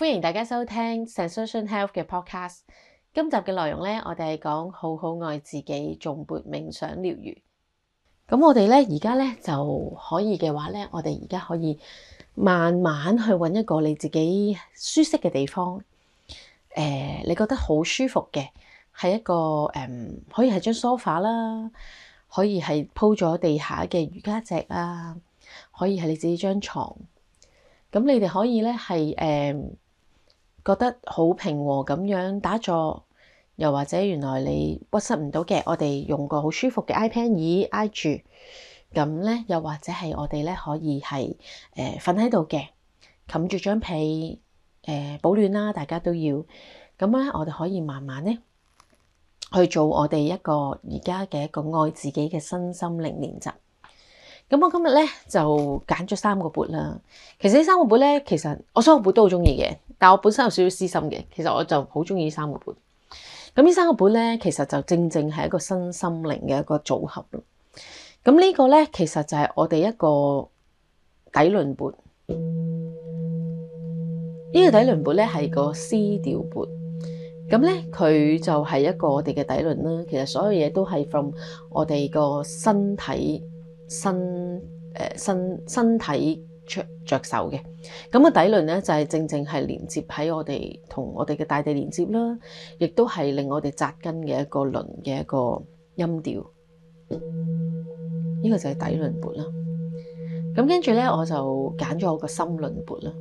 歡迎大家收聽 Zensation Health 嘅 podcast。今集嘅內容呢，我哋係講好好愛自己，頌缽冥想療癒。咁我哋呢，而家呢就可以嘅話呢，我哋而家可以慢慢去揾一個你自己舒適嘅地方。誒、呃，你覺得好舒服嘅，係一個誒、呃，可以係張梳化啦，可以係鋪咗地下嘅瑜伽席啊，可以係你自己張床。咁你哋可以呢係誒。呃覺得好平和咁樣打坐，又或者原來你屈膝唔到嘅，我哋用個好舒服嘅 iPad 椅，挨住咁咧，又或者係我哋咧可以係誒瞓喺度嘅，冚住張被誒保暖啦。大家都要咁咧，我哋可以慢慢咧去做我哋一個而家嘅一個愛自己嘅身心靈練習。咁我今日咧就揀咗三個缽啦。其實呢三個缽咧，其實我所有缽都好中意嘅。但我本身有少少私心嘅，其實我就好中意三個盤。咁呢三個盤咧，其實就正正係一個身心靈嘅一個組合咯。咁呢個咧，其實就係我哋一個底輪盤。呢、這個底輪盤咧係個 C 調盤，咁咧佢就係一個我哋嘅底輪啦。其實所有嘢都係 from 我哋個身體、身誒身身體。着，着手嘅咁、那個底輪咧，就係、是、正正係連接喺我哋同我哋嘅大地連接啦，亦都係令我哋扎根嘅一個輪嘅一個音調。呢、嗯，這個就係底輪缽啦。咁跟住咧，我就揀咗我個心輪缽啦。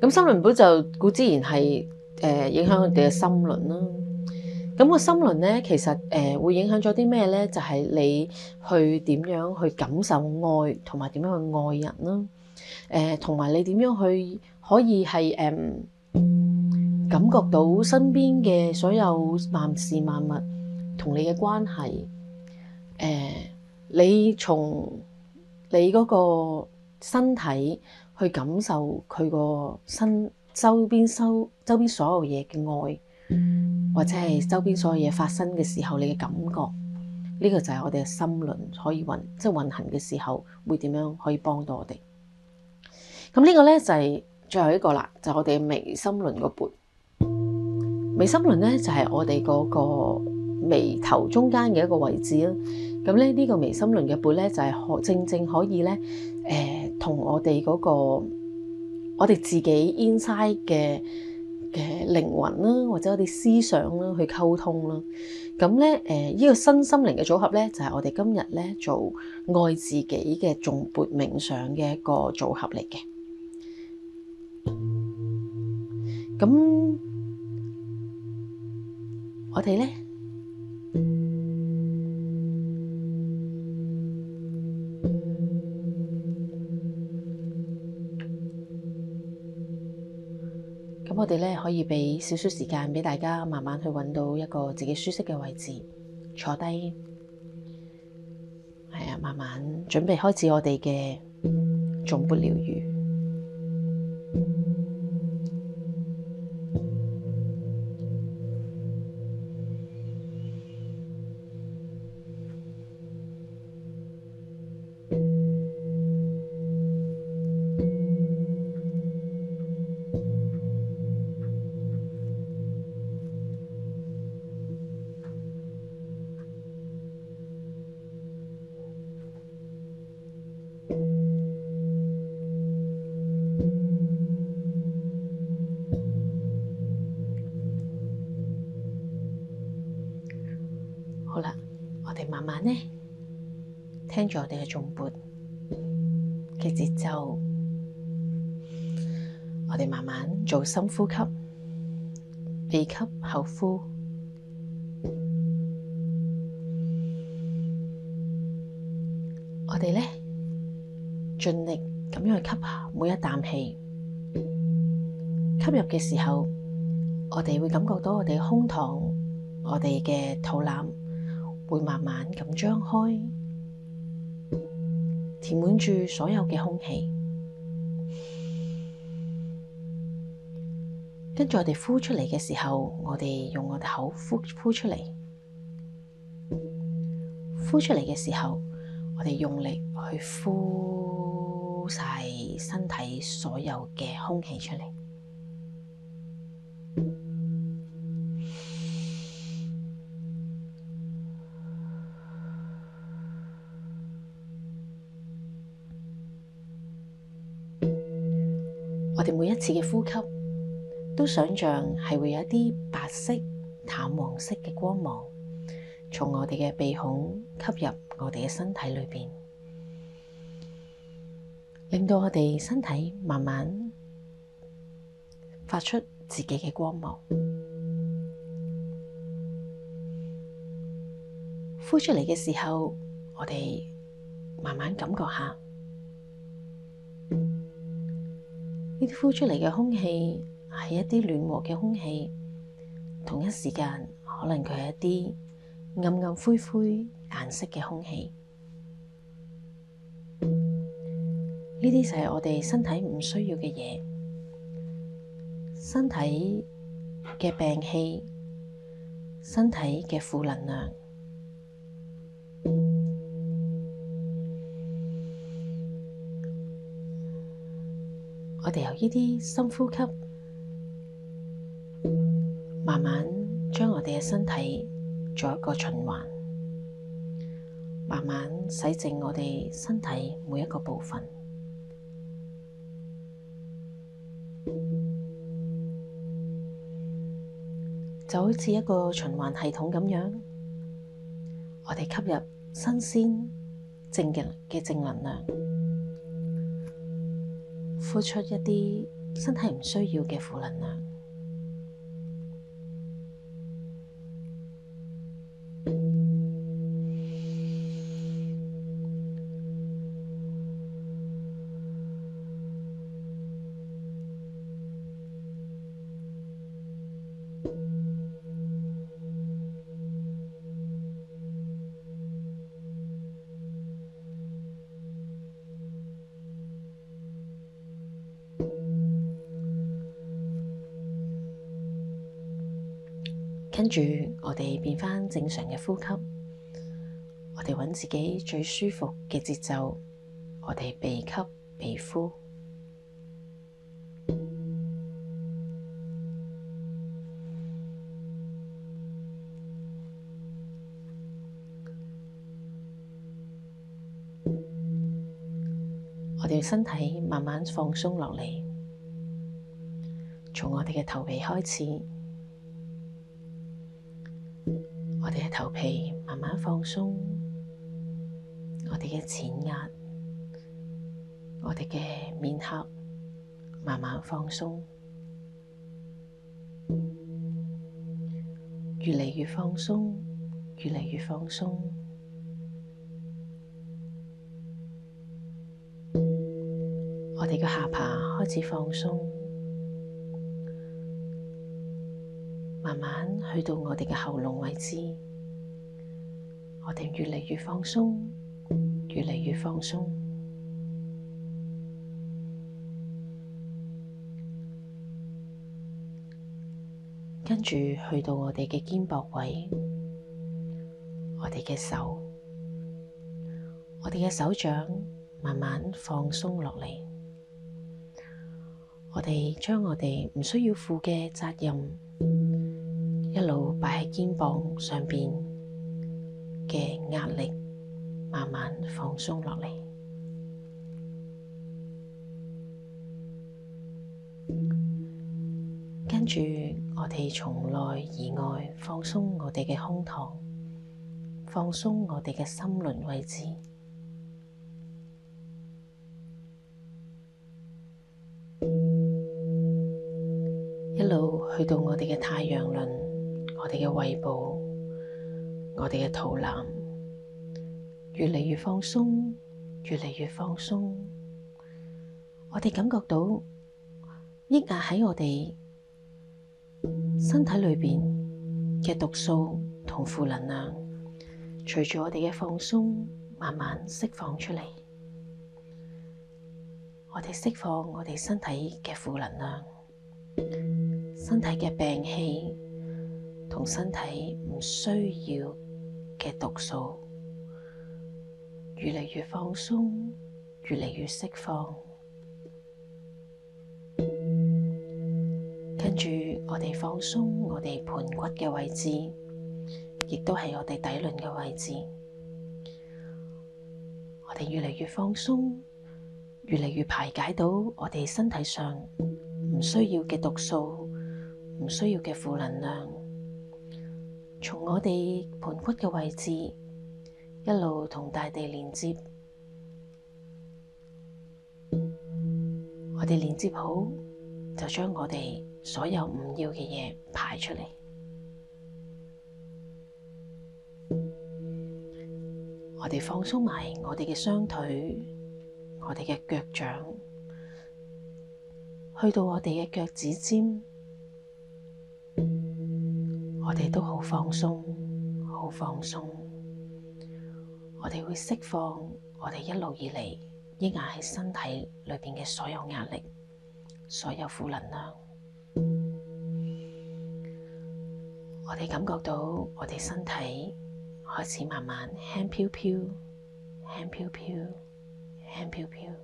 咁心輪缽就固自然係誒、呃、影響我哋嘅心輪啦。咁、那個心輪咧，其實誒、呃、會影響咗啲咩咧？就係、是、你去點樣去感受愛，同埋點樣去愛人啦。誒同埋你點樣去可以係誒、嗯、感覺到身邊嘅所有萬事萬物同你嘅關係？誒、呃、你從你嗰個身體去感受佢個身周邊周周邊所有嘢嘅愛，或者係周邊所有嘢發生嘅時候，你嘅感覺，呢、呢個就係我哋嘅心輪可以運即係運行嘅時候會點樣可以幫到我哋？咁呢個咧就係最後一個啦，就係、我哋眉心輪個缽。眉心輪咧就係我哋嗰個眉頭中間嘅一個位置啦。咁咧呢個眉心輪嘅缽咧就係可正正可以咧，誒、呃，同我哋嗰、那個我哋自己 inside 嘅嘅靈魂啦，或者我哋思想啦去溝通啦。咁咧誒呢、呃這個身心靈嘅組合咧就係我哋今日咧做愛自己嘅頌缽冥想嘅一個組合嚟嘅。咁我哋咧，咁我哋咧可以畀少少時間畀大家慢慢去揾到一個自己舒適嘅位置坐低。係啊，慢慢準備開始我哋嘅頌缽療癒。咧，聽住我哋嘅頌缽嘅節奏，我哋慢慢做深呼吸，鼻吸後呼。我哋呢盡力咁樣去吸每一啖氣，吸入嘅時候，我哋會感覺到我哋嘅胸膛、我哋嘅肚腩。會慢慢咁張開，填滿住所有嘅空氣。跟住我哋呼出嚟嘅時候，我哋用我哋口呼呼出嚟。呼出嚟嘅時候，我哋用力去呼晒身體所有嘅空氣出嚟。一次嘅呼吸，都想象係會有一啲白色、淡黃色嘅光芒，從我哋嘅鼻孔吸入我哋嘅身體裏邊，令到我哋身體慢慢發出自己嘅光芒。呼出嚟嘅時候，我哋慢慢感覺下。呢啲呼出嚟嘅空氣係一啲暖和嘅空氣，同一時間可能佢係一啲暗暗灰灰顏色嘅空氣。呢啲就係我哋身體唔需要嘅嘢，身體嘅病氣，身體嘅負能量。我哋由呢啲深呼吸，慢慢將我哋嘅身體做一個循環，慢慢洗淨我哋身體每一個部分，就好似一個循環系統咁樣，我哋吸入新鮮正嘅嘅正能量。呼出一啲身體唔需要嘅負能量。正常嘅呼吸，我哋揾自己最舒服嘅節奏，我哋鼻吸鼻呼，我哋身體慢慢放鬆落嚟，從我哋嘅頭皮開始。皮慢慢放鬆，我哋嘅前額，我哋嘅面頰慢慢放鬆，越嚟越放鬆，越嚟越放鬆，我哋嘅下巴開始放鬆，慢慢去到我哋嘅喉嚨位置。我哋越嚟越放鬆，越嚟越放鬆。跟住去到我哋嘅肩膊位，我哋嘅手，我哋嘅手掌慢慢放鬆落嚟。我哋將我哋唔需要負嘅責任，一路擺喺肩膀上面。嘅壓力慢慢放鬆落嚟，跟住我哋從內而外放鬆我哋嘅胸膛，放鬆我哋嘅心輪位置，一路去到我哋嘅太陽輪，我哋嘅胃部。我哋嘅肚腩越嚟越放鬆，越嚟越放鬆。我哋感覺到抑壓喺我哋身體裏邊嘅毒素同負能量，隨住我哋嘅放鬆，慢慢釋放出嚟。我哋釋放我哋身體嘅負能量，身體嘅病氣同身體唔需要。嘅毒素越嚟越放鬆，越嚟越釋放，跟住我哋放鬆我哋盆骨嘅位置，亦都係我哋底輪嘅位置。我哋越嚟越放鬆，越嚟越排解到我哋身體上唔需要嘅毒素，唔需要嘅負能量。從我哋盤骨嘅位置一路同大地連接，我哋連接好就將我哋所有唔要嘅嘢排出嚟。我哋放鬆埋我哋嘅雙腿，我哋嘅腳掌去到我哋嘅腳趾尖。我哋都好放鬆，好放鬆。我哋會釋放我哋一路以嚟抑壓喺身體裏邊嘅所有壓力、所有負能量。我哋感覺到我哋身體開始慢慢輕飄飄、輕飄飄、輕飄飄。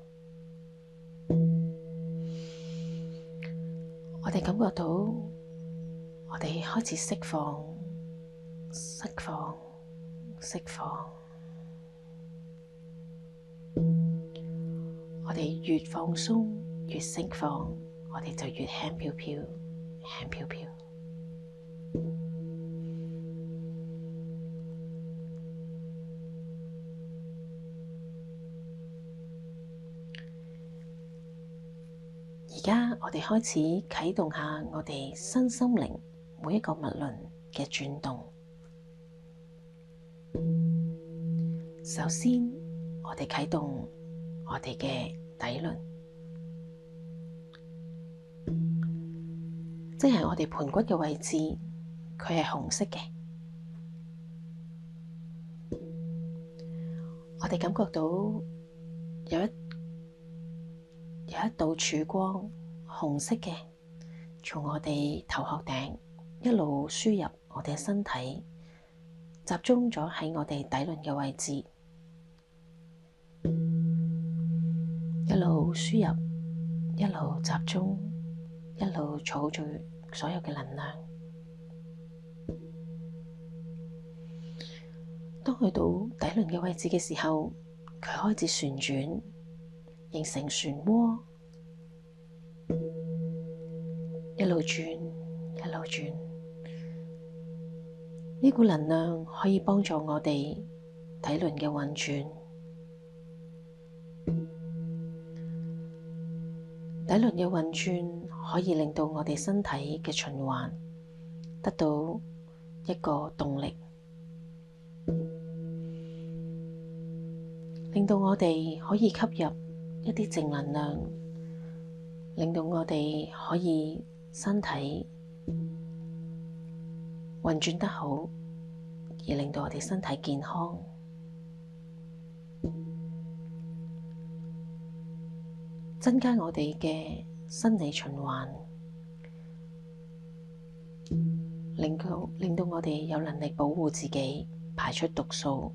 我哋感覺到。我哋開始釋放，釋放，釋放。我哋越放鬆，越釋放，我哋就越輕飄飄，輕飄飄。而家我哋開始啟動下我哋身心靈。每一個物輪嘅轉動，首先我哋啟動我哋嘅底輪，即係我哋盆骨嘅位置，佢係紅色嘅。我哋感覺到有一有一道曙光，紅色嘅，從我哋頭殼頂。一路輸入我哋嘅身體，集中咗喺我哋底輪嘅位置，一路輸入，一路集中，一路儲聚所有嘅能量。當去到底輪嘅位置嘅時候，佢開始旋轉，形成漩渦，一路轉，一路轉。呢股能量可以幫助我哋體輪嘅運轉，體輪嘅運轉可以令到我哋身體嘅循環得到一個動力，令到我哋可以吸入一啲正能量，令到我哋可以身體。運轉得好，而令到我哋身體健康，增加我哋嘅生理循環，令到令到我哋有能力保護自己，排出毒素。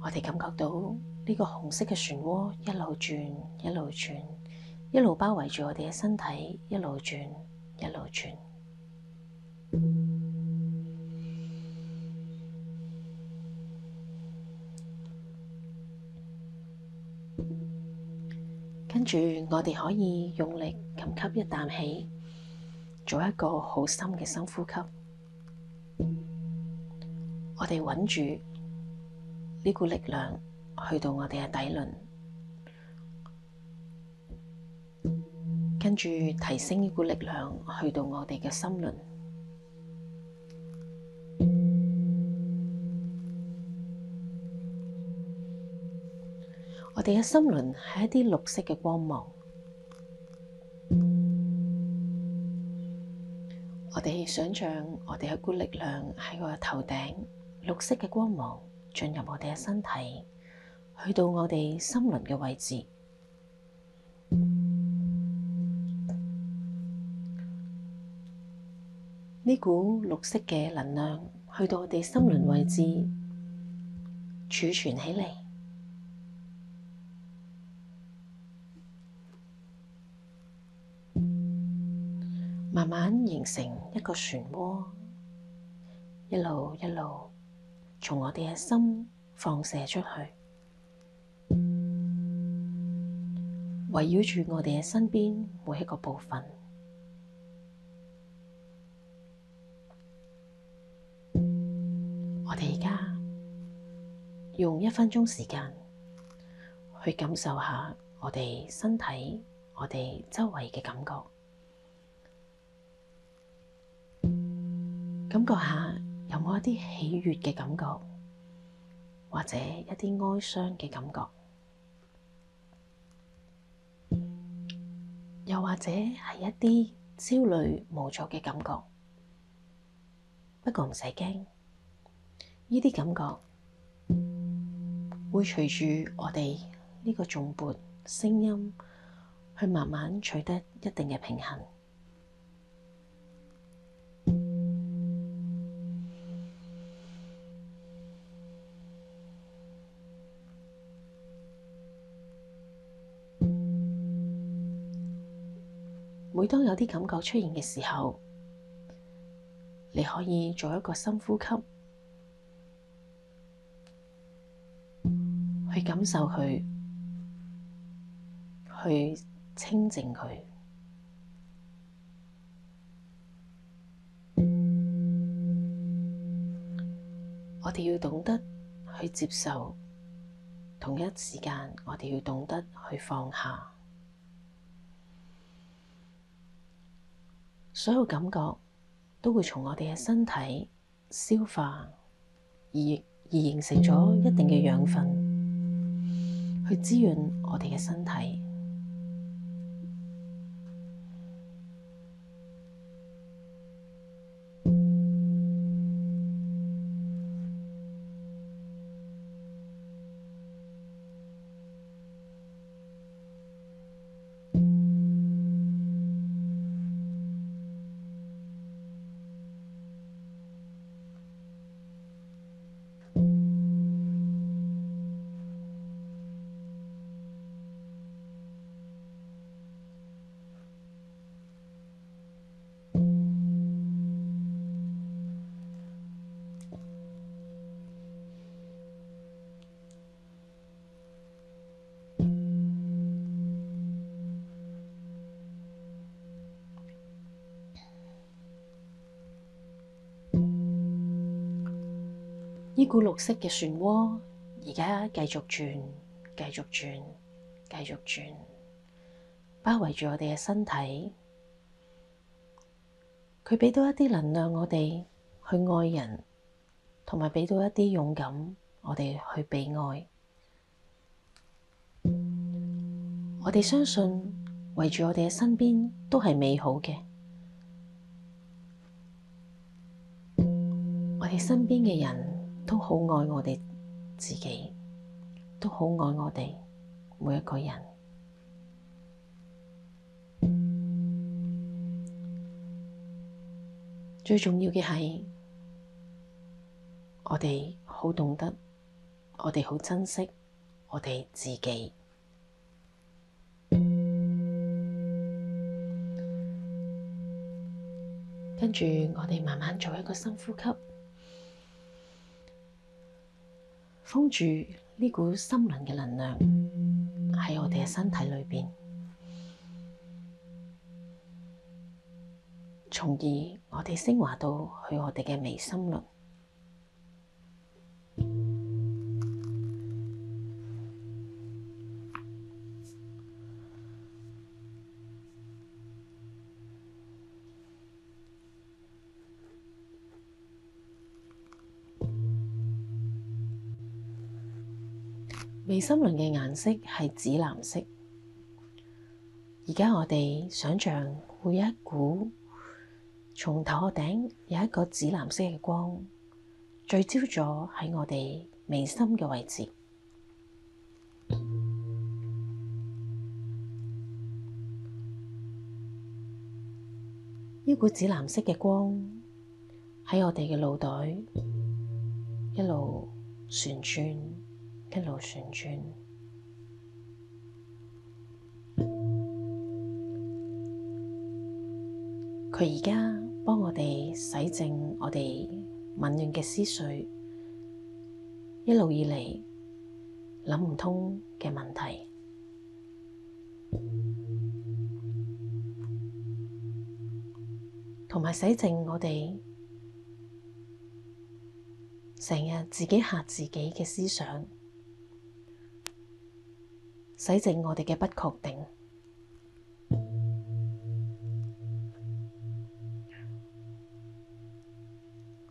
我哋感覺到呢個紅色嘅漩渦一路轉，一路轉。一路包圍住我哋嘅身體，一路轉，一路轉。跟住，我哋可以用力咁吸一啖氣，做一個好深嘅深呼吸。我哋穩住呢股力量，去到我哋嘅底輪。跟住提升呢股力量去到我哋嘅心輪。我哋嘅心輪係一啲綠色嘅光芒。我哋想象我哋一股力量喺我嘅頭頂，綠色嘅光芒進入我哋嘅身體，去到我哋心輪嘅位置。呢股綠色嘅能量去到我哋心輪位置儲存起嚟，慢慢形成一個漩渦，一路一路從我哋嘅心放射出去，圍繞住我哋嘅身邊每一個部分。用一分鐘時間去感受下我哋身體、我哋周圍嘅感覺，感覺下有冇一啲喜悅嘅感覺，或者一啲哀傷嘅感覺，又或者係一啲焦慮無助嘅感覺。不過唔使驚，呢啲感覺。會隨住我哋呢個頌缽聲音，去慢慢取得一定嘅平衡。每當有啲感覺出現嘅時候，你可以做一個深呼吸。感受佢，去清靜佢。我哋要懂得去接受，同一時間我哋要懂得去放下。所有感覺都會從我哋嘅身體消化，而，而形成咗一定嘅養分。去滋養我哋嘅身體。呢股綠色嘅漩渦而家繼續轉，繼續轉，繼續轉，包圍住我哋嘅身體。佢畀到一啲能量我哋去愛人，同埋畀到一啲勇敢我哋去被愛。我哋相信圍住我哋嘅身邊都係美好嘅。我哋身邊嘅人。都好愛我哋自己，都好愛我哋每一個人。最重要嘅係，我哋好懂得，我哋好珍惜我哋自己。跟住我哋慢慢做一個深呼吸。封住呢股心輪嘅能量喺我哋嘅身體裏邊，從而我哋升華到去我哋嘅眉心輪。森林嘅顏色係紫藍色，而家我哋想象會有一股從頭殼頂有一個紫藍色嘅光聚焦咗喺我哋眉心嘅位置。呢 股紫藍色嘅光喺我哋嘅腦袋一路旋轉，一路旋轉，佢而家幫我哋洗淨我哋紊亂嘅思緒，一路以嚟諗唔通嘅問題，同埋洗淨我哋成日自己嚇自己嘅思想。洗淨我哋嘅不確定，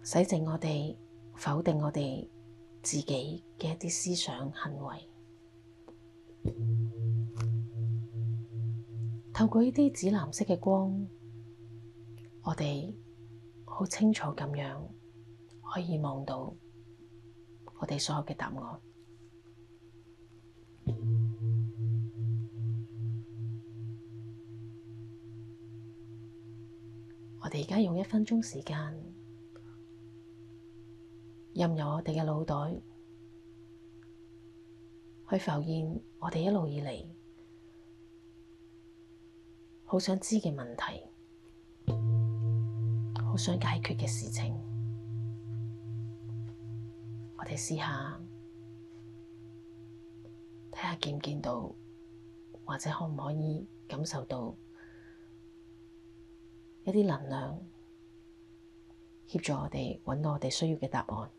洗淨我哋否定我哋自己嘅一啲思想行為。透過呢啲紫藍色嘅光，我哋好清楚咁樣可以望到我哋所有嘅答案。而家用一分鐘時間，任由我哋嘅腦袋去浮現我哋一路以嚟好想知嘅問題，好想解決嘅事情。我哋試下睇下見唔見到，或者可唔可以感受到？一啲能量，協助我哋揾到我哋需要嘅答案。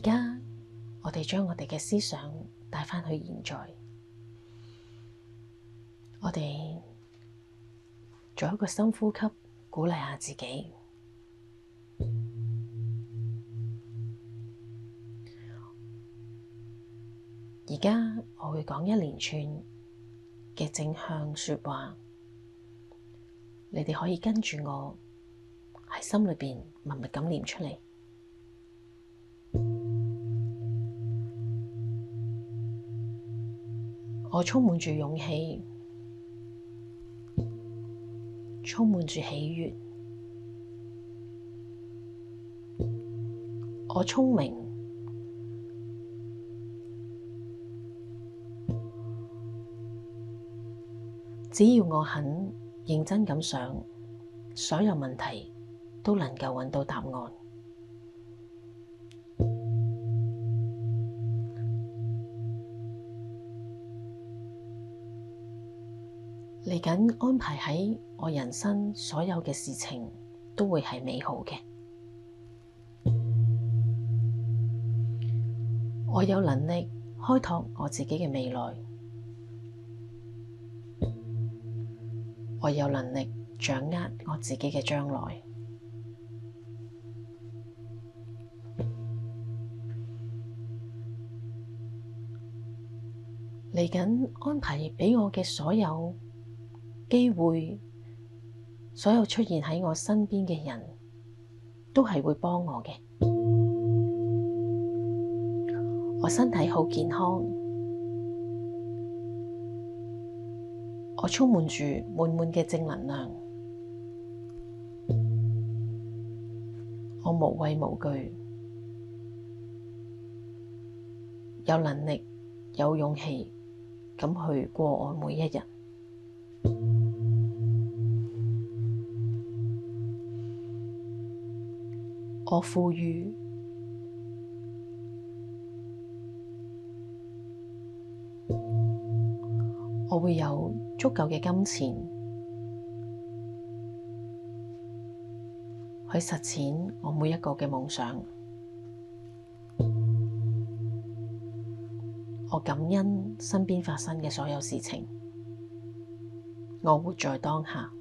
而家我哋將我哋嘅思想帶返去現在，我哋做一個深呼吸，鼓勵下自己。而家我會講一連串嘅正向說話，你哋可以跟住我喺心裏邊默默咁念出嚟。我充滿住勇氣，充滿住喜悦。我聰明，只要我肯認真咁想，所有問題都能夠揾到答案。嚟緊安排喺我人生所有嘅事情都會係美好嘅。我有能力開拓我自己嘅未來，我有能力掌握我自己嘅將來。嚟緊安排俾我嘅所有機會，所有出現喺我身邊嘅人都係會幫我嘅。我身體好健康，我充滿住滿滿嘅正能量，我無畏無懼，有能力有勇氣咁去過我每一日。我富裕，我會有足夠嘅金錢去實踐我每一個嘅夢想。我感恩身邊發生嘅所有事情，我活在當下。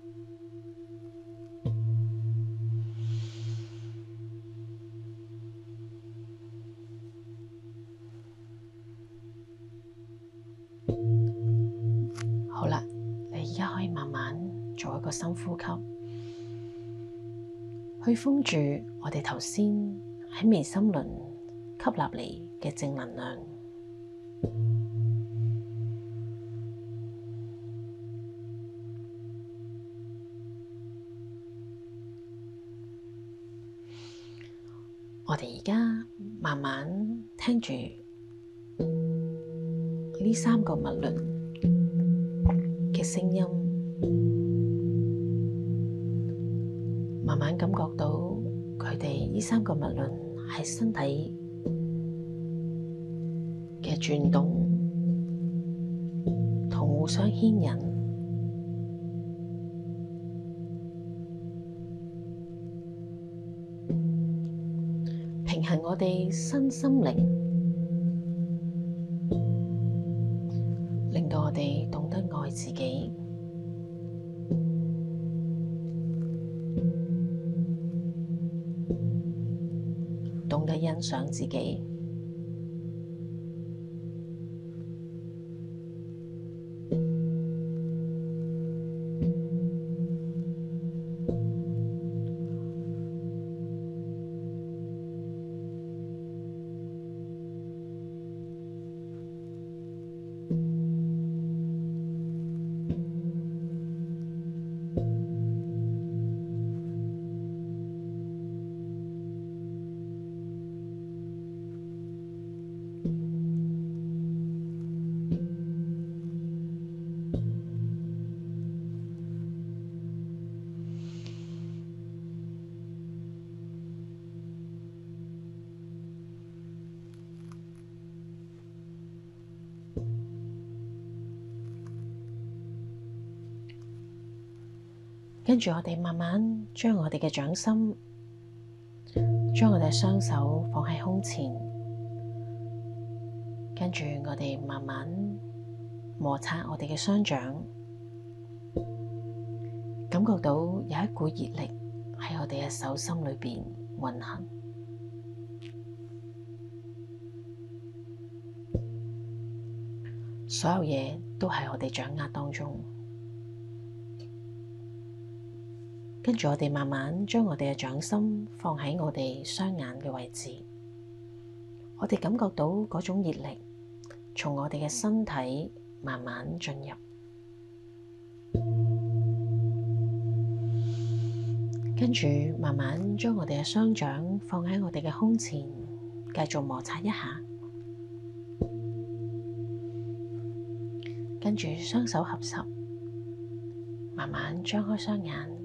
深呼吸，去封住我哋頭先喺眉心輪吸納嚟嘅正能量。我哋而家慢慢聽住呢三個脈輪。身體嘅轉動同互相牽引，平衡我哋身心靈。想自己。跟住我哋慢慢將我哋嘅掌心，將我哋嘅雙手放喺胸前，跟住我哋慢慢摩擦我哋嘅雙掌，感覺到有一股熱力喺我哋嘅手心裏邊運行，所有嘢都喺我哋掌握當中。跟住我哋慢慢將我哋嘅掌心放喺我哋雙眼嘅位置，我哋感覺到嗰種熱力從我哋嘅身體慢慢進入，跟住慢慢將我哋嘅雙掌放喺我哋嘅胸前，繼續摩擦一下，跟住雙手合十，慢慢張開雙眼。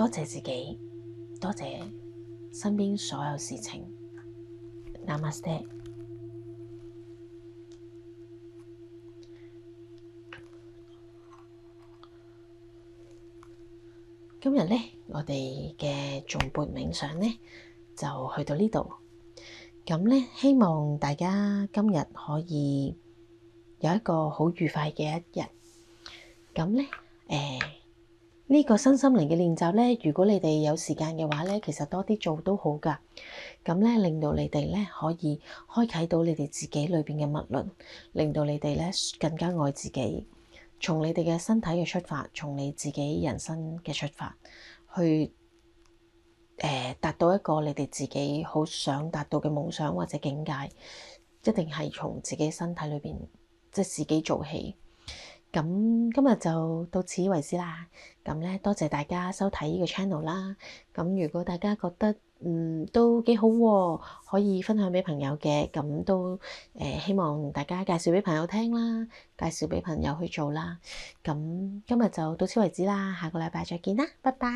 多謝自己，多謝身邊所有事情。Namaste。今日咧，我哋嘅誦缽冥想咧，就去到呢度。咁咧，希望大家今日可以有一個好愉快嘅一日。咁咧，誒。呢個新心靈嘅練習咧，如果你哋有時間嘅話咧，其實多啲做都好噶。咁咧，令到你哋咧可以開啟到你哋自己裏邊嘅物輪，令到你哋咧更加愛自己。從你哋嘅身體嘅出發，從你自己人生嘅出發，去誒、呃、達到一個你哋自己好想達到嘅夢想或者境界，一定係從自己身體裏邊，即係自己做起。咁今日就到此為止啦。咁咧，多謝大家收睇呢個 channel 啦。咁如果大家覺得嗯都幾好喎，可以分享畀朋友嘅。咁都誒希望大家介紹畀朋友聽啦，介紹畀朋友去做啦。咁今日就到此為止啦，下個禮拜再見啦，拜拜。